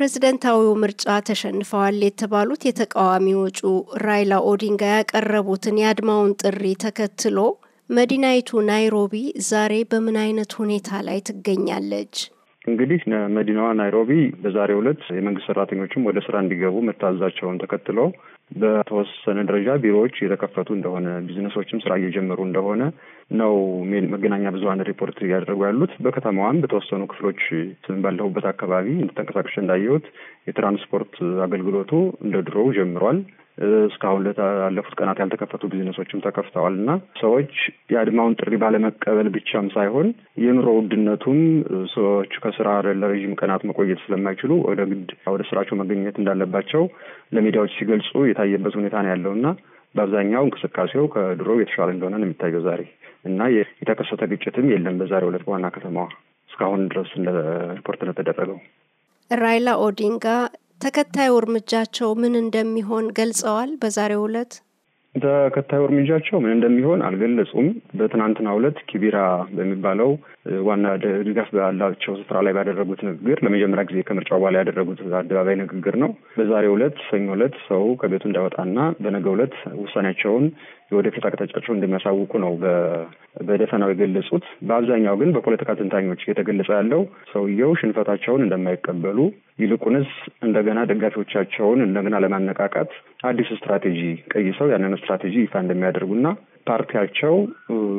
በፕሬዝደንታዊው ምርጫ ተሸንፈዋል የተባሉት የተቃዋሚ ውጩ ራይላ ኦዲንጋ ያቀረቡትን የአድማውን ጥሪ ተከትሎ መዲናይቱ ናይሮቢ ዛሬ በምን አይነት ሁኔታ ላይ ትገኛለች? እንግዲህ መዲናዋ ናይሮቢ በዛሬው ዕለት የመንግስት ሰራተኞችም ወደ ስራ እንዲገቡ መታዘዛቸውን ተከትሎ በተወሰነ ደረጃ ቢሮዎች የተከፈቱ እንደሆነ ቢዝነሶችም ስራ እየጀመሩ እንደሆነ ነው መገናኛ ብዙሀን ሪፖርት እያደረጉ ያሉት። በከተማዋም በተወሰኑ ክፍሎች ባለሁበት አካባቢ እንደተንቀሳቀሸ እንዳየሁት የትራንስፖርት አገልግሎቱ እንደ ድሮው ጀምሯል። እስካሁን ላለፉት ቀናት ያልተከፈቱ ቢዝነሶችም ተከፍተዋል እና ሰዎች የአድማውን ጥሪ ባለመቀበል ብቻም ሳይሆን የኑሮ ውድነቱም ሰዎቹ ከስራ ለረዥም ቀናት መቆየት ስለማይችሉ ወደ ግድ ወደ ስራቸው መገኘት እንዳለባቸው ለሚዲያዎች ሲገልጹ የታየበት ሁኔታ ነው ያለው እና በአብዛኛው እንቅስቃሴው ከድሮ የተሻለ እንደሆነ ነው የሚታየው ዛሬ እና የተከሰተ ግጭትም የለም በዛሬው ዕለት በዋና ከተማዋ እስካሁን ድረስ ሪፖርት እንደተደረገው ራይላ ኦዲንጋ ተከታዩ እርምጃቸው ምን እንደሚሆን ገልጸዋል። በዛሬው ዕለት ተከታዩ እርምጃቸው ምን እንደሚሆን አልገለጹም። በትናንትናው ዕለት ኪቢራ በሚባለው ዋና ድጋፍ ባላቸው ስፍራ ላይ ባደረጉት ንግግር ለመጀመሪያ ጊዜ ከምርጫው በኋላ ያደረጉት አደባባይ ንግግር ነው። በዛሬው ዕለት ሰኞ ዕለት ሰው ከቤቱ እንዳይወጣና በነገው ዕለት ውሳኔያቸውን የወደፊት አቅጣጫቸው እንደሚያሳውቁ ነው በደፈናው የገለጹት። በአብዛኛው ግን በፖለቲካ ትንታኞች እየተገለጸ ያለው ሰውየው ሽንፈታቸውን እንደማይቀበሉ ይልቁንስ እንደገና ደጋፊዎቻቸውን እንደገና ለማነቃቃት አዲስ ስትራቴጂ ቀይሰው ያንን ስትራቴጂ ይፋ እንደሚያደርጉና ፓርቲያቸው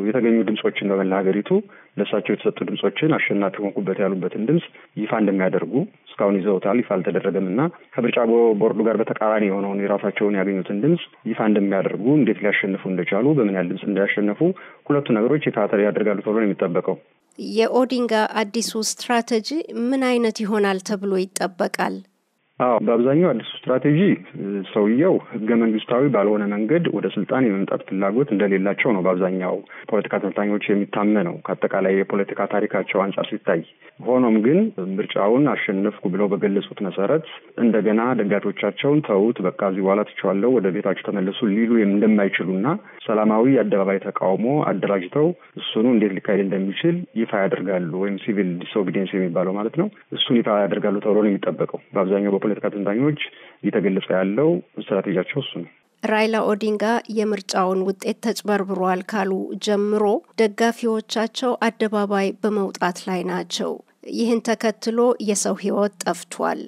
የተገኙ ድምጾችን በመላ ሀገሪቱ ለእሳቸው የተሰጡ ድምጾችን አሸናፊ ሆንኩበት ያሉበትን ድምፅ ይፋ እንደሚያደርጉ እስካሁን ይዘውታል። ይፋ አልተደረገም እና ከምርጫ ቦርዱ ጋር በተቃራኒ የሆነውን የራሳቸውን ያገኙትን ድምፅ ይፋ እንደሚያደርጉ፣ እንዴት ሊያሸንፉ እንደቻሉ፣ በምን ያህል ድምፅ እንዳያሸነፉ ሁለቱ ነገሮች ይፋ ያደርጋሉ ተብሎ ነው የሚጠበቀው። የኦዲንጋ አዲሱ ስትራቴጂ ምን አይነት ይሆናል ተብሎ ይጠበቃል? አዎ በአብዛኛው አዲሱ ስትራቴጂ ሰውየው ህገ መንግስታዊ ባልሆነ መንገድ ወደ ስልጣን የመምጣት ፍላጎት እንደሌላቸው ነው በአብዛኛው ፖለቲካ ተንታኞች የሚታመነው ከአጠቃላይ የፖለቲካ ታሪካቸው አንጻር ሲታይ። ሆኖም ግን ምርጫውን አሸነፍኩ ብለው በገለጹት መሰረት እንደገና ደጋፊዎቻቸውን ተዉት፣ በቃ እዚህ በኋላ ትቼዋለሁ፣ ወደ ቤታቸው ተመለሱ ሊሉ እንደማይችሉና ሰላማዊ የአደባባይ ተቃውሞ አደራጅተው እሱኑ እንዴት ሊካሄድ እንደሚችል ይፋ ያደርጋሉ ወይም ሲቪል ዲስኦቢዲየንስ የሚባለው ማለት ነው። እሱን ይፋ ያደርጋሉ ተብሎ ነው የሚጠበቀው በአብዛኛው የፖለቲካ ተንታኞች እየተገለጸ ያለው ስትራቴጂያቸው እሱ ነው። ራይላ ኦዲንጋ የምርጫውን ውጤት ተጭበርብሯል ካሉ ጀምሮ ደጋፊዎቻቸው አደባባይ በመውጣት ላይ ናቸው። ይህን ተከትሎ የሰው ሕይወት ጠፍቷል።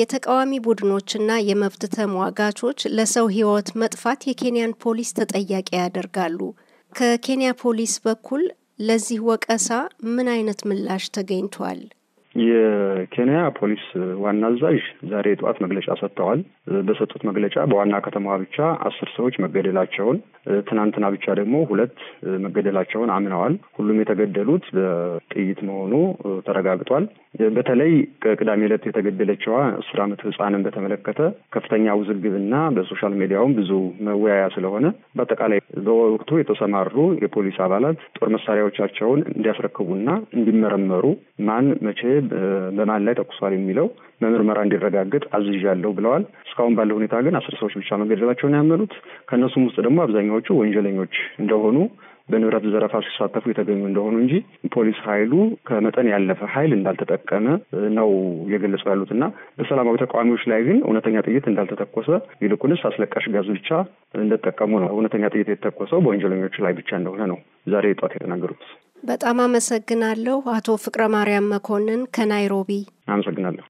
የተቃዋሚ ቡድኖችና የመብት ተሟጋቾች ለሰው ሕይወት መጥፋት የኬንያን ፖሊስ ተጠያቂ ያደርጋሉ። ከኬንያ ፖሊስ በኩል ለዚህ ወቀሳ ምን አይነት ምላሽ ተገኝቷል? የኬንያ ፖሊስ ዋና አዛዥ ዛሬ ጠዋት መግለጫ ሰጥተዋል። በሰጡት መግለጫ በዋና ከተማዋ ብቻ አስር ሰዎች መገደላቸውን፣ ትናንትና ብቻ ደግሞ ሁለት መገደላቸውን አምነዋል። ሁሉም የተገደሉት በጥይት መሆኑ ተረጋግጧል። በተለይ ከቅዳሜ ዕለት የተገደለችዋ አስር ዓመት ህፃንን በተመለከተ ከፍተኛ ውዝግብና በሶሻል ሚዲያውም ብዙ መወያያ ስለሆነ በአጠቃላይ በወቅቱ የተሰማሩ የፖሊስ አባላት ጦር መሳሪያዎቻቸውን እንዲያስረክቡና እንዲመረመሩ ማን መቼ በማን ላይ ተኩሷል የሚለው በምርመራ እንዲረጋገጥ አዝዣለሁ ብለዋል። እስካሁን ባለው ሁኔታ ግን አስር ሰዎች ብቻ መገደላቸውን ያመኑት ከእነሱም ውስጥ ደግሞ አብዛኛዎቹ ወንጀለኞች እንደሆኑ በንብረት ዘረፋ ሲሳተፉ የተገኙ እንደሆኑ እንጂ ፖሊስ ኃይሉ ከመጠን ያለፈ ኃይል እንዳልተጠቀመ ነው የገለጹ ያሉት እና በሰላማዊ ተቃዋሚዎች ላይ ግን እውነተኛ ጥይት እንዳልተተኮሰ ይልቁንስ አስለቃሽ ጋዝ ብቻ እንደተጠቀሙ ነው። እውነተኛ ጥይት የተተኮሰው በወንጀለኞች ላይ ብቻ እንደሆነ ነው ዛሬ ጠዋት የተናገሩት። በጣም አመሰግናለሁ አቶ ፍቅረ ማርያም መኮንን ከናይሮቢ አመሰግናለሁ።